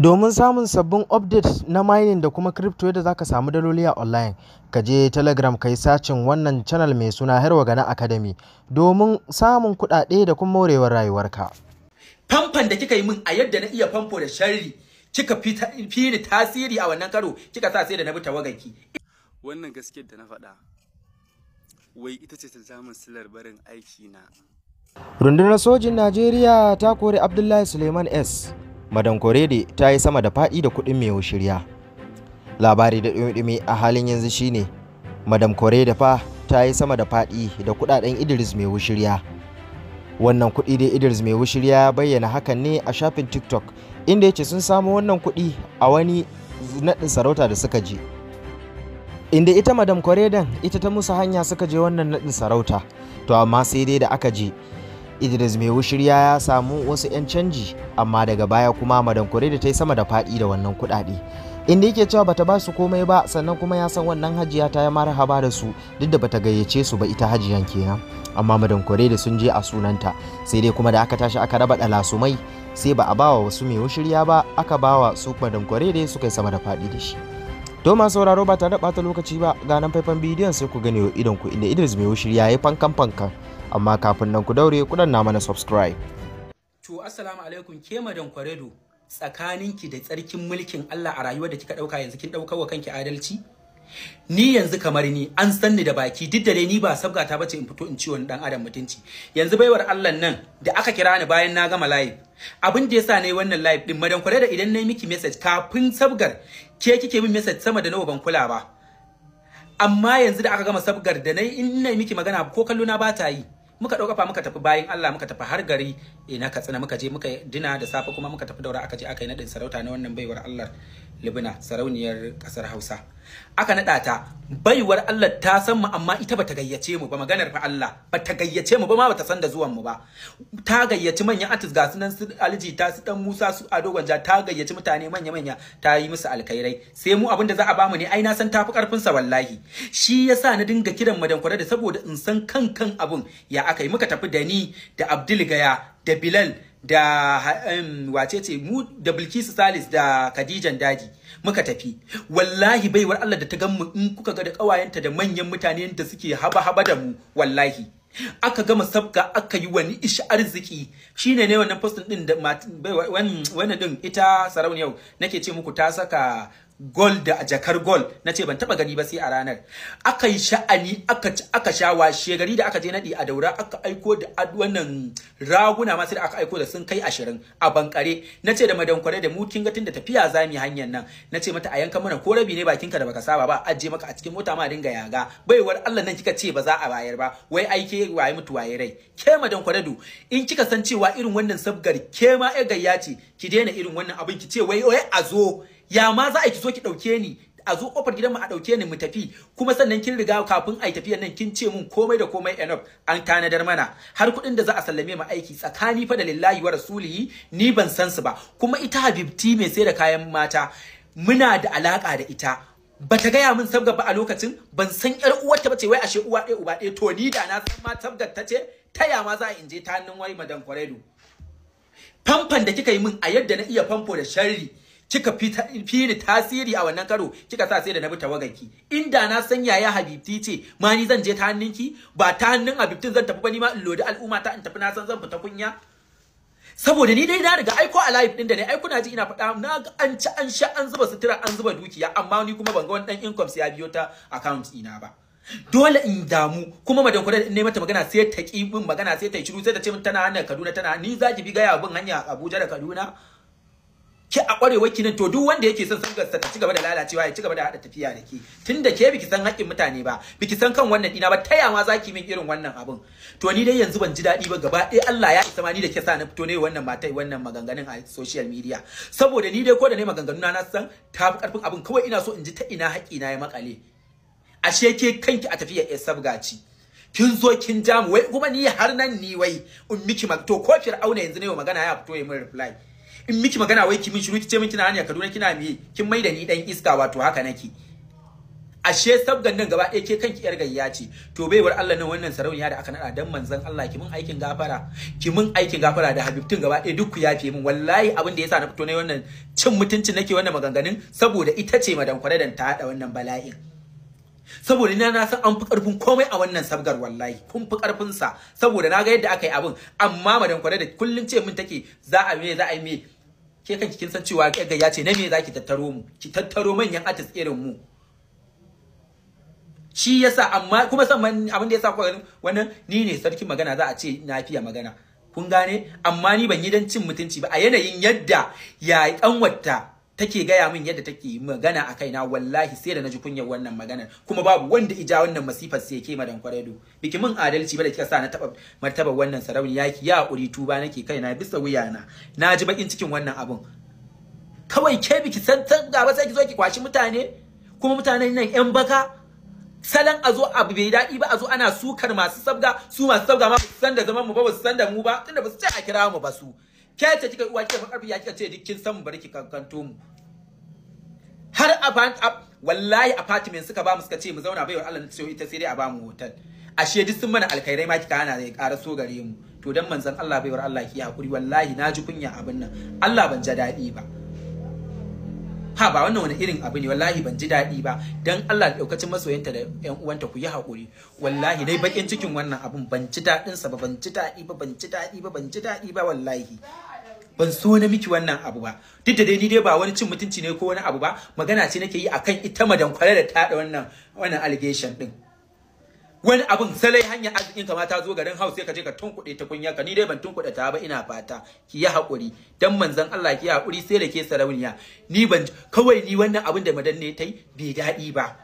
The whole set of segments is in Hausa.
Domin samun sabbin updates na mining da kuma crypto yadda za ka samu daloli a online, ka je Telegram ka sacin wannan channel mai suna Herwa Gana Academy domin samun kuɗaɗe da kuma morewar rayuwarka. Famfan da kika yi min a yadda na iya famfo da sharri, kika fi ni tasiri a wannan karo, kika sa sai da na bi tawagarki. Wannan gaskiyar da na faɗa, wai ita ce ta samun silar barin aiki na. rundunar sojin najeriya ta kori abdullahi suleiman s Korede ta yi sama da faɗi da kuɗin mai shirya labari da ɗumi a halin yanzu shine madam korede fa ta yi sama da faɗi da kuɗaɗen idris mai wushirya wannan kuɗi da idris mai wushirya bayyana hakan ne a shafin tiktok inda ya ce sun samu wannan kuɗi a wani naɗin sarauta da suka je inda ita madam koredan ita ta musu hanya suka je wannan naɗin sarauta to amma sai dai da aka je idris mai wushirya ya samu wasu 'yan canji amma daga baya kuma madankure da ta yi sama da faɗi da wannan kuɗaɗe inda yake cewa bata ba su komai ba sannan kuma ya san wannan hajiya ta ya haba da su duk da bata gayyace su ba ita hajiyan kenan amma madankure da sun je a sunanta sai dai kuma da aka tashi aka raba dalasumai sai ba a bawa wasu mai wushirya ba aka bawa su madankure da suka yi sama da faɗi da shi To masu sauraro ba tare da ɓata lokaci ba ga nan faifan bidiyon sai ku gane wa idon ku inda Idris mai wushirya ya yi fankan fankan amma kafin nan ku daure ku danna mana subscribe to assalamu alaikum ke madan kwaredo tsakaninki da tsarkin mulkin Allah a rayuwar da kika dauka yanzu kin dauka wa kanki adalci ni yanzu kamar ni an san ni da baki duk da ni ba sabga sabgata bace in fito in ci wani dan adam mutunci yanzu baiwar Allah nan da aka kira ni bayan na gama live abin da yasa nayi wannan live din madan kware da idan nayi miki message kafin sabgar ke kike min message sama da nawa ban kula ba amma yanzu da aka gama sabgar da nayi in nayi miki magana ko kallo na ba ta yi muka ɗauka fa muka tafi bayan Allah muka tafi har gari ina ka katsina muka je muka dina da safe kuma muka tafi daura aka je aka yi naɗin sarauta na wannan baiwar Allah Libina sarauniyar ƙasar Hausa aka naɗa ta baiwar Allah ta san mu amma ita bata gayyace mu ba maganar fa Allah bata gayyace mu ba ma bata san da zuwan mu ba ta gayyaci manyan artist ga sunan su Alji ta su dan Musa su Ado Gwanja ta gayyaci mutane manya manya ta yi musu alkairai sai mu abinda za a ba mu ne ai na san tafi karfin sa wallahi shi yasa na dinga kiran madankwara da saboda in san kan kan abun ya aka yi muka tafi da ni da Abdul Gaya da Bilal da mu da Bilkisu Salis da Khadijan Daji muka tafi wallahi baiwar Allah da ta gan mu in kuka ga da kawayenta da manyan mutane da suke haba haba da mu wallahi aka gama sabga aka yi wani ishi arziki shine ne wannan postin din da wannan din ita sarauniyau nake ce muku ta saka gol da a jakar gol na ce ban taba gani ba sai a ranar aka yi sha'ani aka ci aka sha washe gari da aka je nadi a daura aka aiko da wannan raguna ma sai da aka aiko da sun kai ashirin a bankare na ce da madankware da mu kin ga tunda tafiya zami hanyar nan na ce mata a yanka mana ko rabi ne bakinka da baka saba ba aje maka a cikin mota ma dinga yaga baiwar Allah nan kika ce ba za a bayar ba wai aike waye mutu waye rai ke madankware du in kika san cewa irin wannan sabgar ke ma ya gayyaci ki daina irin wannan abin ki ce wai wai a zo ya ma za a ki zo ki dauke ni a zo kofar gidan mu a dauke ni mu tafi kuma sannan kin riga kafin ai tafiyar nan kin ce mun komai da komai enough an tanadar mana har kuɗin da za a sallame mu aiki tsakani fa da lillahi wa rasulihi ni ban san su ba kuma ita habibti mai sai da kayan mata muna da alaka da ita Ba bata gaya min sabga ba a lokacin ban san yar uwarta bace wai ashe uwa ɗaya uba ɗaya to ni da na san ma sabgar ta ce ta ya ma za a inje ta hannun wai madan kwaredo famfan da kika yi min a yadda na iya famfo da sharri kika fi ni tasiri a wannan karo kika sa sai da na bi tawaganki inda na san yaya habibti ce ma ni zan je ta hannunki ba ta hannun habibtin zan tafi ba ni ma in lodi al'umma ta in tafi na san zan fita kunya saboda ni dai na riga aiko a live din da ne aiko na ji ina faɗa na ga an ci an sha an zuba sutura an zuba dukiya amma ni kuma ban ga wani dan income sai ya biyo ta account ina ba dole in damu kuma madan kuɗa in mata magana sai ta ki min magana sai ta yi shiru sai ta ce min tana hannun Kaduna tana ni za ki bi gaya bin hanya Abuja da Kaduna ki a kwarewa ki nan to duk wanda yake son sangar ta ci gaba da lalacewa ya ci gaba da hada tafiya da ke. tunda ke biki san haƙƙin mutane ba biki san kan wannan dina ba taya ma zaki min irin wannan abin to ni dai yanzu ban ji daɗi ba gaba ɗaya Allah ya isa ma ni da ke sa na fito ne wannan matai wannan maganganun a social media saboda ni dai ko da ne maganganun na san ta fi karfin abin kawai ina so in ji ta ina haƙƙi na ya makale ashe ke kanki a tafiya sabga ce kin zo kin jamu wai kuma ni har nan ni wai in miki to ko fir'auna yanzu ne magana ya fito ya min reply in miki magana wai ki min shiru ki ce min kina hanya Kaduna kina miye kin mai da ni dan iska wato haka nake ashe sabgan nan gaba ɗaya ke kanki yar gayya ce to baiwar Allah nan wannan sarauniya da aka nada dan manzon Allah ki mun aikin gafara ki mun aikin gafara da habibtin gaba ɗaya duk ku yafe min wallahi abin da yasa na fito ne wannan cin mutuncin nake wannan maganganun saboda ita ce madan dan ta hada wannan bala'in saboda ina na san an fi karfin komai a wannan sabgar wallahi kun fi karfin sa saboda na ga yadda aka yi abin amma madan da kullun ce min take za a me za a yi me ke kanki kin san cewa kaga ya ce na me zaki tattaro mu ki tattaro manyan artist irin mu shi yasa amma kuma san abin da yasa ku ganin wannan ni ne sarki magana za a ce na fiya magana kun gane amma ni ban yi dan cin mutunci ba a yanayin yadda ya yi kanwata take gaya min yadda take magana a kaina wallahi sai da naji kunyar wannan magana kuma babu wanda ija wannan masifar sai ke madan kwaredo biki min adalci ba da kika sa na taba martaba wannan sarauniya ki ya kuri tuba nake kaina bisa wuyana naji bakin cikin wannan abun kawai ke biki san gaba sai ki zo ki kwashi mutane kuma mutanen nan yan baka salon a zo abu bai daɗi ba a zo ana sukar masu sabga su masu sabga ma san da zaman mu ba su san da mu ba tunda ba su ce a kira mu ba su ke ce kika uwa kika karfi ya kika ce duk kin san bari ki kankanto mu har a wallahi apartment suka ba mu suka ce mu zauna baiwar Allah na ita sai dai a ba mu hotel ashe duk sun mana alkhairai ma kika hana ya ƙara so gare mu to dan manzon Allah baiwar Allah ki hakuri wallahi na ji kunya abin nan Allah ban ja daɗi ba ha ba wannan wani irin abu ne wallahi ban ji daɗi ba dan Allah da daukacin masoyanta da ƴan uwanta ku yi hakuri wallahi dai bakin cikin wannan abun ban ji dadin sa ba ban ji dadi ba ban ji daɗi ba ban ji daɗi ba wallahi ban so na miki wannan abu ba duk da dai ni dai ba wani cin mutunci ne ko wani abu ba magana ce nake yi akan ita madan kware da ta da wannan wannan allegation din wani abun salai hanyar arzikin kama ta zo garin Hausa sai ka je ka tunkuɗe ta kunya ka ni dai ban tunkuɗe ta ba ina fata ki yi hakuri dan manzon Allah ki yi hakuri sai da ke sarauniya ni ban kawai ni wannan abun da madan ne tai bai daɗi ba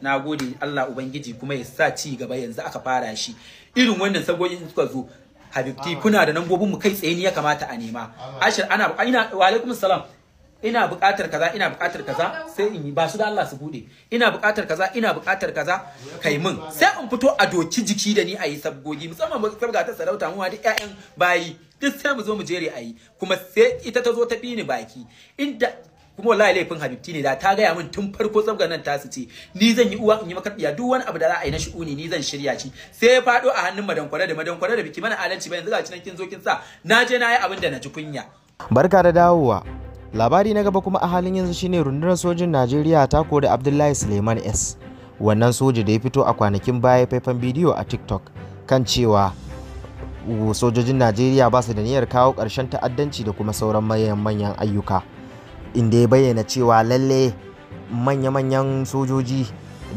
na gode Allah Ubangiji kuma ya sa ci gaba yanzu aka fara shi irin wannan in suka zo habibti kuna da nambobin mu kai tsaye ne ya kamata a nema ashir ana ina wa alaikum salam ina buƙatar kaza ina buƙatar kaza sai in yi ba su da Allah su bude ina buƙatar kaza ina buƙatar kaza kai min sai in fito a doki jiki da ni a yi sabgogi musamman mu sabga ta sarauta mu da ƴaƴan bayi duk sai mu zo mu jere a yi kuma sai ita ta zo ta bi ni baki inda kuma wallahi laifin habibti ne da ta gaya min tun farko tsabgar nan tasu ce ni zan yi uwa in yi makarbiya duk wani abu da za a yi na shi'uni ni zan shirya shi sai ya fado a hannun madankwara da madankwara da biki mana alanci ba yanzu ga cinan kin zo kin sa na je na yi abin da na ji kunya barka da dawowa labari na gaba kuma a halin yanzu shine rundunar sojin Najeriya ta kori Abdullahi Suleiman S wannan soja da ya fito a kwanakin baya faifan bidiyo a TikTok kan cewa sojojin Najeriya ba su da niyyar kawo karshen ta'addanci da kuma sauran manyan ayyuka. inda ya bayyana cewa lalle manya-manyan sojoji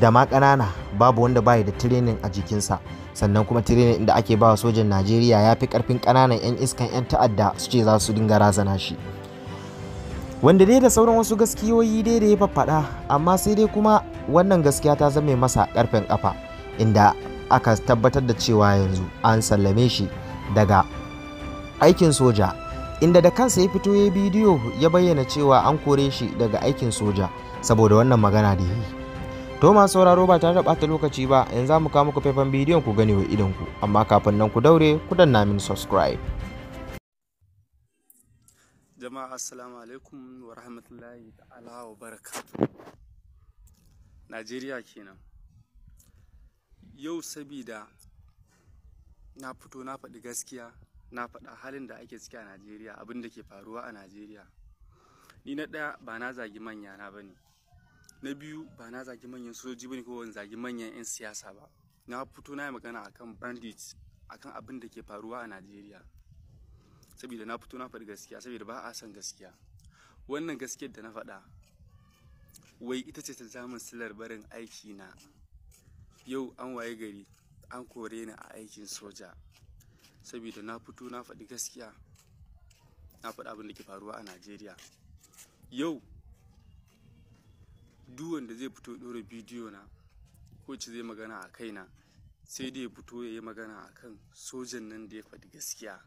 da ma ƙanana babu wanda bai da tirenin a jikinsa sannan kuma tirenin inda ake bawa sojan najeriya ya fi karfin ƙananan 'yan iskan 'yan ta'adda su ce za su dinga razana shi wanda dai da sauran wasu gaskiyoyi dai da ya faffaɗa amma sai dai kuma wannan gaskiya ta zame masa ƙarfin ƙafa inda aka tabbatar da cewa yanzu an sallame shi daga aikin soja inda da kansa ya fito ya bidiyo ya bayyana cewa an kore shi daga aikin soja saboda wannan magana da yi to masu sauraro ba tare da bata lokaci ba yanzu za mu kawo muku faifan bidiyon ku gane wa idan ku amma kafin nan ku daure ku danna min subscribe jama'a assalamu alaikum wa rahmatullahi ta'ala wa barakatuh najeriya kenan yau sabida na fito na faɗi gaskiya na faɗa halin da ake ciki a najeriya abin da ke faruwa a najeriya ni na ɗaya ba na zagi manya na ba ne na biyu ba na zagi manyan sojoji ba ne ko zagi manyan 'yan siyasa ba na fito na yi magana a kan bandit kan abin da ke faruwa a najeriya saboda na fito na faɗi gaskiya saboda ba a son gaskiya wannan gaskiyar da na faɗa wai ita ce ta samun silar barin aiki na yau an waye gari an kore ni a aikin soja saboda na fito na faɗi gaskiya na faɗi abin da ke faruwa a najeriya yau duk wanda zai fito ɗora bidiyo na ko ci zai magana a kaina sai dai ya fito ya yi magana a kan sojan nan da ya faɗi gaskiya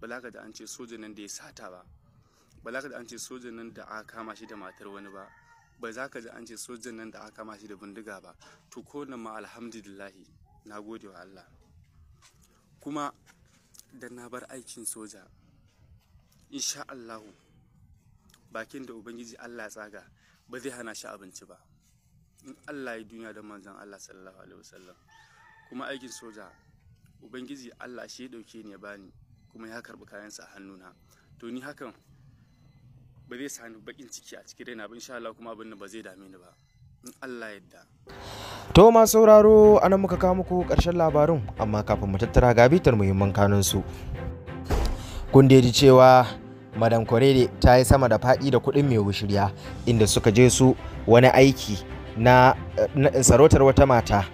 balaka da an ce sojan nan da ya sata ba balaka da an ce sojan nan da aka kama shi da matar wani ba ba za ka ji an ce sojan nan da aka kama shi da bindiga ba to ko ma alhamdulillahi na gode wa Allah kuma da na bar aikin soja insha Allahu bakin da ubangiji Allah tsaga ba zai hana shi abinci ba in Allah ya duniya da manzon Allah sallallahu alaihi wasallam kuma aikin soja ubangiji Allah shi ya dauke ni ya bani kuma ya karbi kayansa a hannuna to ni hakan ba zai sani bakin ciki a cikin raina ba insha Allah kuma abin nan ba zai dame ni ba Allah yadda. To ma sauraro muka kawo muku ƙarshen labarin amma kafin mu tattara ga bitar muhimman kanun su. Kun ji cewa Madam Korede ta yi sama da faɗi da kuɗin mai wushirya inda suka je su wani aiki na, sarautar wata mata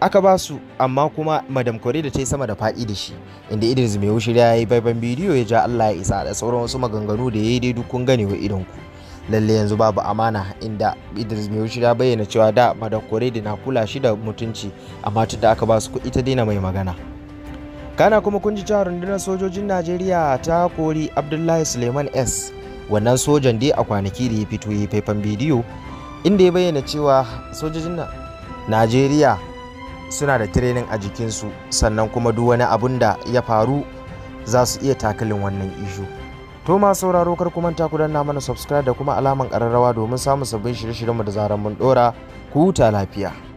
aka ba su amma kuma madam kore ta yi sama da faɗi da shi inda idris mai wushirya ya yi baiban bidiyo ya ja allah ya isa da sauran wasu maganganu da ya yi dai kun gane wa ku. lalle yanzu babu amana inda idris mai ya bayyana cewa da madakore da na kula shi da mutunci amma tun da aka ba su kuɗi ta daina mai magana kana kuma kun ji cewa rundunar sojojin najeriya ta kori abdullahi suleiman s wannan sojan dai a kwanaki da ya fito ya faifan bidiyo inda ya bayyana cewa sojojin najeriya suna da tirenin a jikinsu sannan kuma duk wani abun da ya faru za su iya takalin wannan ishu to masu sauraro kar ku manta ku danna mana subscribe da kuma alaman ƙararrawa domin samun sabbin shirye-shiryenmu da zarar mun dora ku huta lafiya